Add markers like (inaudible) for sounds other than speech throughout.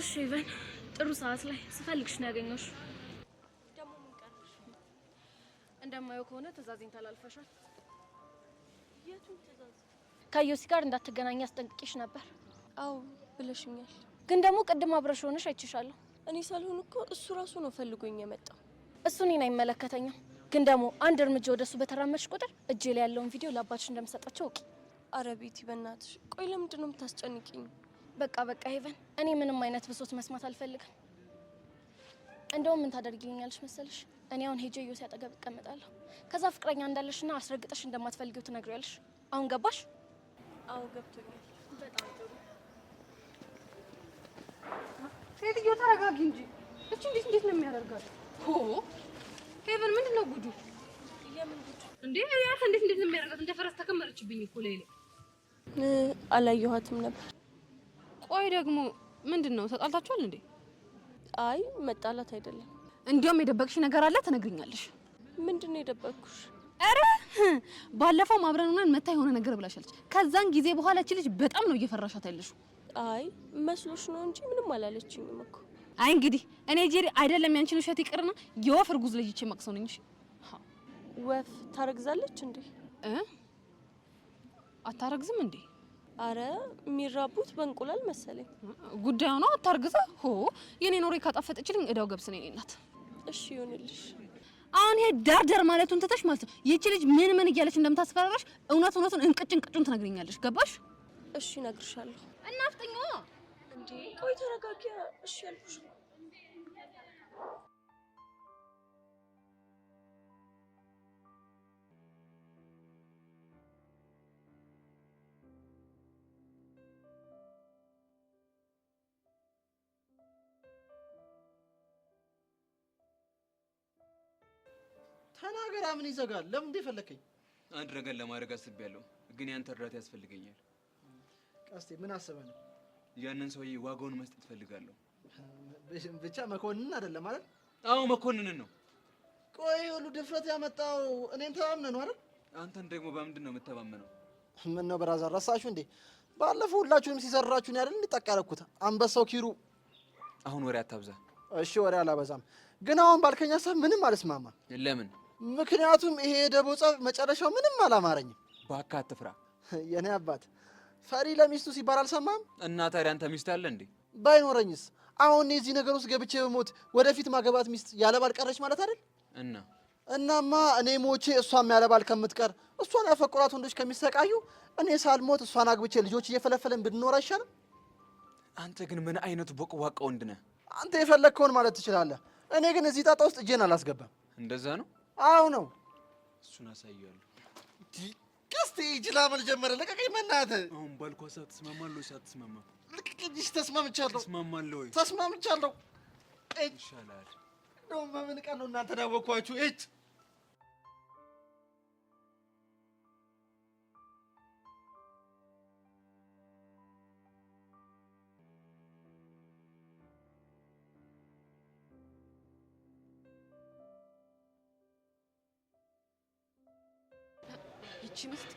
እሺ ኢቨን ጥሩ ሰዓት ላይ ስፈልግሽ ነው ያገኘሁሽ። ደግሞ ምን ቀረሽ? እንደማየው ከሆነ ትዕዛዜን ተላልፈሻል። የቱን ትዕዛዝ? ከዮሲ ጋር እንዳትገናኝ አስጠንቅቄሽ ነበር። አዎ ብለሽኛል። ግን ደግሞ ቅድም አብረሽ ሆነሽ አይችሻለሁ። እኔ ሳልሆን እኮ እሱ ራሱ ነው ፈልጎኝ የመጣው። እሱ እኔን አይመለከተኝም። ግን ደግሞ አንድ እርምጃ ወደሱ በተራመድሽ ቁጥር እጄ ላይ ያለውን ቪዲዮ ለአባትሽ እንደምሰጣቸው እውቂ። አረ ቤቲ በእናትሽ ቆይ፣ ለምንድን ነው የምታስጨንቂኝ? በቃ በቃ ሄቨን፣ እኔ ምንም አይነት ብሶት መስማት አልፈልግም። እንደውም ምን ታደርጊልኛለሽ መሰለሽ? እኔ አሁን ሄጄ ዮሴ አጠገብ እቀመጣለሁ። ከዛ ፍቅረኛ እንዳለሽና አስረግጠሽ እንደማትፈልጊው ትነግሪያለሽ። አሁን ገባሽ? አዎ ገብቶኛል። በጣም ጥሩ። ሴትዮ ተረጋጊ እንጂ እቺ እንዴት እንዴት ነው የሚያደርጋት? ሆ ሄቨን፣ ምንድን ነው ጉዱ? እንዴ እንዴት እንዴት ነው የሚያደርጋት? እንደ ፈረስ ተከመረችብኝ እኮ ላይ አላየኋትም ነበር ቆይ ደግሞ ምንድን ነው ተጣልታችኋል እንዴ? አይ መጣላት አይደለም። እንዲያውም የደበቅሽ ነገር አለ ትነግሪኛለሽ። ምንድን ነው የደበቅኩሽ? አረ ባለፈው አብረን ሆነን መታ የሆነ ነገር ብላሻለች። ከዛን ጊዜ በኋላ እቺ ልጅ በጣም ነው እየፈራሻት ያለሽ። አይ መስሎሽ ነው እንጂ ምንም አላለችኝም እኮ። አይ እንግዲህ እኔ ጄሪ አይደለም ያንቺን ውሸት ይቅርና የወፍ እርጉዝ ልጅ ይቼ ማቅሰው ነኝ። ወፍ ታረግዛለች እንዴ? አታረግዝም እንዴ? አረ የሚራቡት በእንቁላል መሰለኝ። ጉዳዩ ነው። አታርግዘ ሆ የኔ ኖሬ ካጣፈጠችልኝ እዳው ገብስ ነኝ እናት። እሺ ይሁንልሽ። አሁን ይሄ ዳርዳር ማለቱን ትተሽ ማለት ነው ይቺ ልጅ ምን ምን እያለች እንደምታስፈራራሽ እውነት እውነቱን እንቅጭ እንቅጩን ትነግሪኛለሽ። ገባሽ? እሺ እነግርሻለሁ። እናፍጠኛ እንዴ ቆይ ተረጋጊ። እሺ ያልኩሽ ተናገራ። ምን ይዘጋል? ለምን እንደፈለከኝ? አንድ ነገር ለማድረግ አስቤያለሁ፣ ግን ያንተ እርዳታ ያስፈልገኛል። ቀስቴ፣ ምን አስበህ ነው? ያንን ሰውዬ ዋጋውን መስጠት እፈልጋለሁ። ብቻ መኮንንን አይደለም ማለት? አዎ መኮንንን ነው። ቆይ ሁሉ ድፍረት ያመጣው እኔን ተማምነህ ነው አይደል? አንተን ደግሞ በምንድን ነው የምተማመነው? ምን ነው ብራዘር፣ ረሳችሁ እንዴ? ባለፈው ሁላችሁንም ሲዘራችሁ ነው አይደል? እንዲጠቃ ያደረኩት አንበሳው ኪሩ። አሁን ወሬ አታብዛ እሺ። ወሬ አላበዛም፣ ግን አሁን ባልከኝ ሀሳብ ምንም አልስማማ። ለምን? ምክንያቱም ይሄ የደቦ ጸብ መጨረሻው ምንም አላማረኝም። ባካ አትፍራ የእኔ አባት። ፈሪ ለሚስቱ ሲባል አልሰማም። እና ታዲያ አንተ ሚስት አለ እንዴ? ባይኖረኝስ አሁን እዚህ ነገር ውስጥ ገብቼ በሞት ወደፊት ማገባት ሚስት ያለ ባል ቀረች ማለት አይደል? እና እናማ እኔ ሞቼ እሷም ያለ ባል ከምትቀር እሷን ያፈቁራት ወንዶች ከሚሰቃዩ እኔ ሳልሞት እሷን አግብቼ ልጆች እየፈለፈለን ብንኖር አይሻልም? አንተ ግን ምን አይነቱ ቦቅቧቃ ወንድ ነህ? አንተ የፈለግከውን ማለት ትችላለህ። እኔ ግን እዚህ ጣጣ ውስጥ እጄን አላስገባም። እንደዛ ነው አዎ ነው። እሱን አሳየዋለሁ። ቀስቴ ይችላል ጀመረ። ለቀቀኝ መናተ አሁን ባልኳ ሰዓት ትስማማለህ ወይስ አትስማማም? ልቅቅሽ። ተስማምቻለሁ። ተስማማለህ ወይ? ተስማምቻለሁ። ይሻላል። እንደውም በምን ቀን ነው እናንተን ያወኳችሁ? ይቺ ሚስት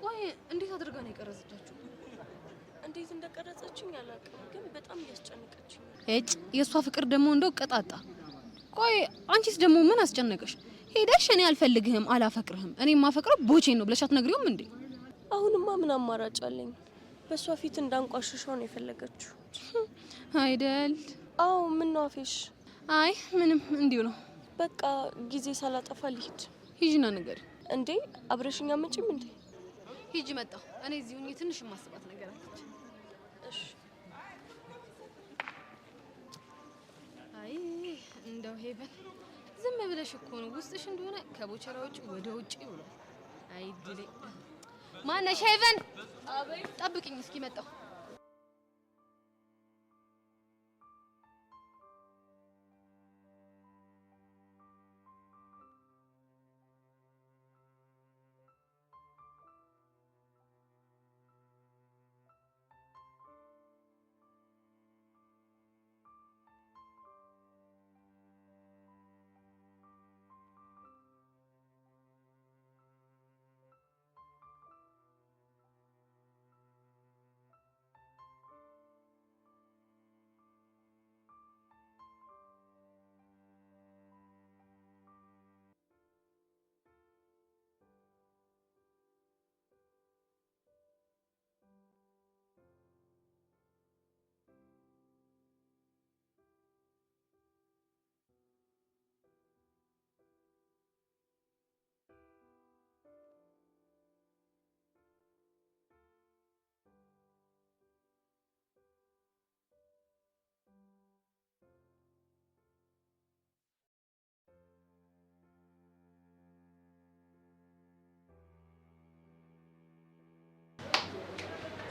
ቆይ እንዴት አድርጋ ነው የቀረጸቻችሁ? እንዴት እንደቀረጸችኝ አላውቅም፣ ግን በጣም እያስጨነቀችኝ። እጭ የእሷ ፍቅር ደግሞ እንደው ቀጣጣ። ቆይ አንቺስ ደግሞ ምን አስጨነቀሽ? ሄደሽ እኔ አልፈልግህም፣ አላፈቅርህም፣ እኔ የማፈቅረው ቦቼ ነው ብለሻት ነግሪውም እንዴ? አሁንማ ምን አማራጭ አለኝ? በእሷ ፊት እንዳንቋሽሸው ነው የፈለገችው (laughs) አይደል? አዎ። ምን ነው አፌሽ? አይ ምንም፣ እንዲሁ ነው። በቃ ጊዜ ሳላጠፋ ልሂድ። ሂጂና እንዴ አብረሽኛ መጪም እንዴ? ሂጂ መጣሁ። እኔ እዚህ ሁኚ ትንሽ የማስባት ነገር አለች። እሺ። አይ እንደው ሄበን ዝም ብለሽ እኮ ነው ውስጥሽ እንደሆነ ከቦቸራ ውጭ ወደ ውጭ ብሏል። አይ ድሌ ማነሽ ሄቨን? ጠብቅኝ እስኪ መጣሁ።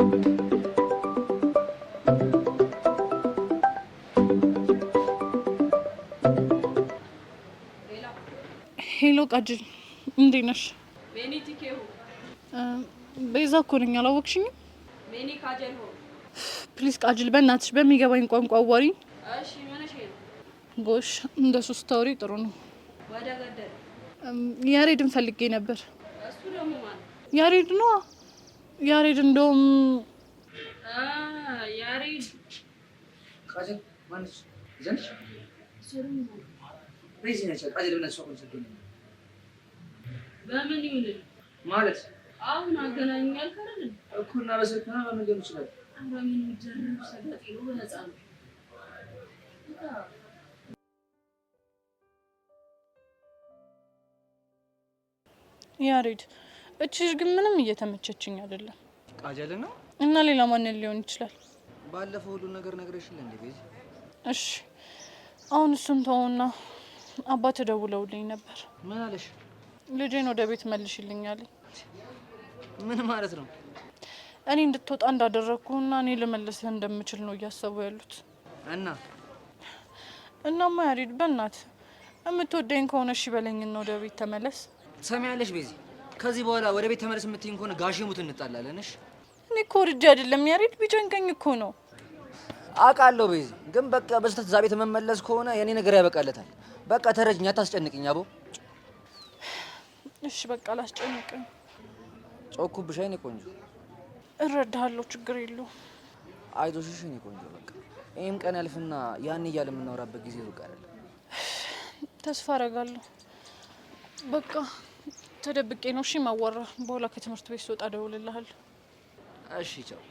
ሄሎ ቃጅል፣ እንዴት ነሽ? ቤዛ እኮ ነኝ፣ አላወቅሽኝም? ፕሊስ ቃጅል፣ በእናትሽ በሚገባኝ ቋንቋ አዋሪኝ። ጎሽ፣ እንደ ሶስት ታውሪ ጥሩ ነው። ያሬድን ፈልጌ ነበር። ያሬድ ነዋ ያሬድ እንደውም በምን ይሁን ማለት አሁን አገናኛል ካለን እኮ እና በመንገድ ይችላል። ምን ይደረግ ነው በነፃ ነው። ያሬድ እቺ ግን ምንም እየተመቸችኝ አይደለም። ቃጀል ነው እና ሌላ ማንን ሊሆን ይችላል? ባለፈው ሁሉ ነገር ነግረሽል እንዴ ቤዚ? እሺ አሁን እሱን ተውና፣ አባት ደውለውልኝ ነበር። ምን አለሽ? ልጄን ወደ ቤት መልሽልኝ አለኝ። ምን ማለት ነው? እኔ እንድትወጣ እንዳደረግኩና እኔ ልመልስህ እንደምችል ነው እያሰቡ ያሉት። እና እናማ ያሬድ፣ በእናት የምትወደኝ ከሆነ እሺ በለኝና ወደ ቤት ተመለስ። ሰሚያለሽ ቤዚ ከዚህ በኋላ ወደ ቤት ተመለስ የምትይኝ ከሆነ ጋሽ ሙት እንጣላለን። እሺ እኔ እኮ ወድጄ አይደለም ያሬድ፣ ቢጨንቀኝ እኮ ነው አውቃለሁ። ቤዚ ግን በቃ በስተት እዛ ቤት መመለስ ከሆነ የኔ ነገር ያበቃለታል። በቃ ተረጅኝ፣ አታስጨንቅኝ አቦ። እሺ በቃ ላስጨንቅኝ። ጮኩብሽ የኔ ቆንጆ። እረዳለሁ፣ ችግር የለውም። አይዞሽ የኔ ቆንጆ። በቃ ይህም ቀን ያልፍና ያን እያለ የምናወራበት ጊዜ ሩቅ አይደለም። ተስፋ አደርጋለሁ በቃ ተደብቄ ነው። እሺ ማወራ በኋላ ከትምህርት ቤት ስወጣ ደውልልሃል። እሺ ቻው።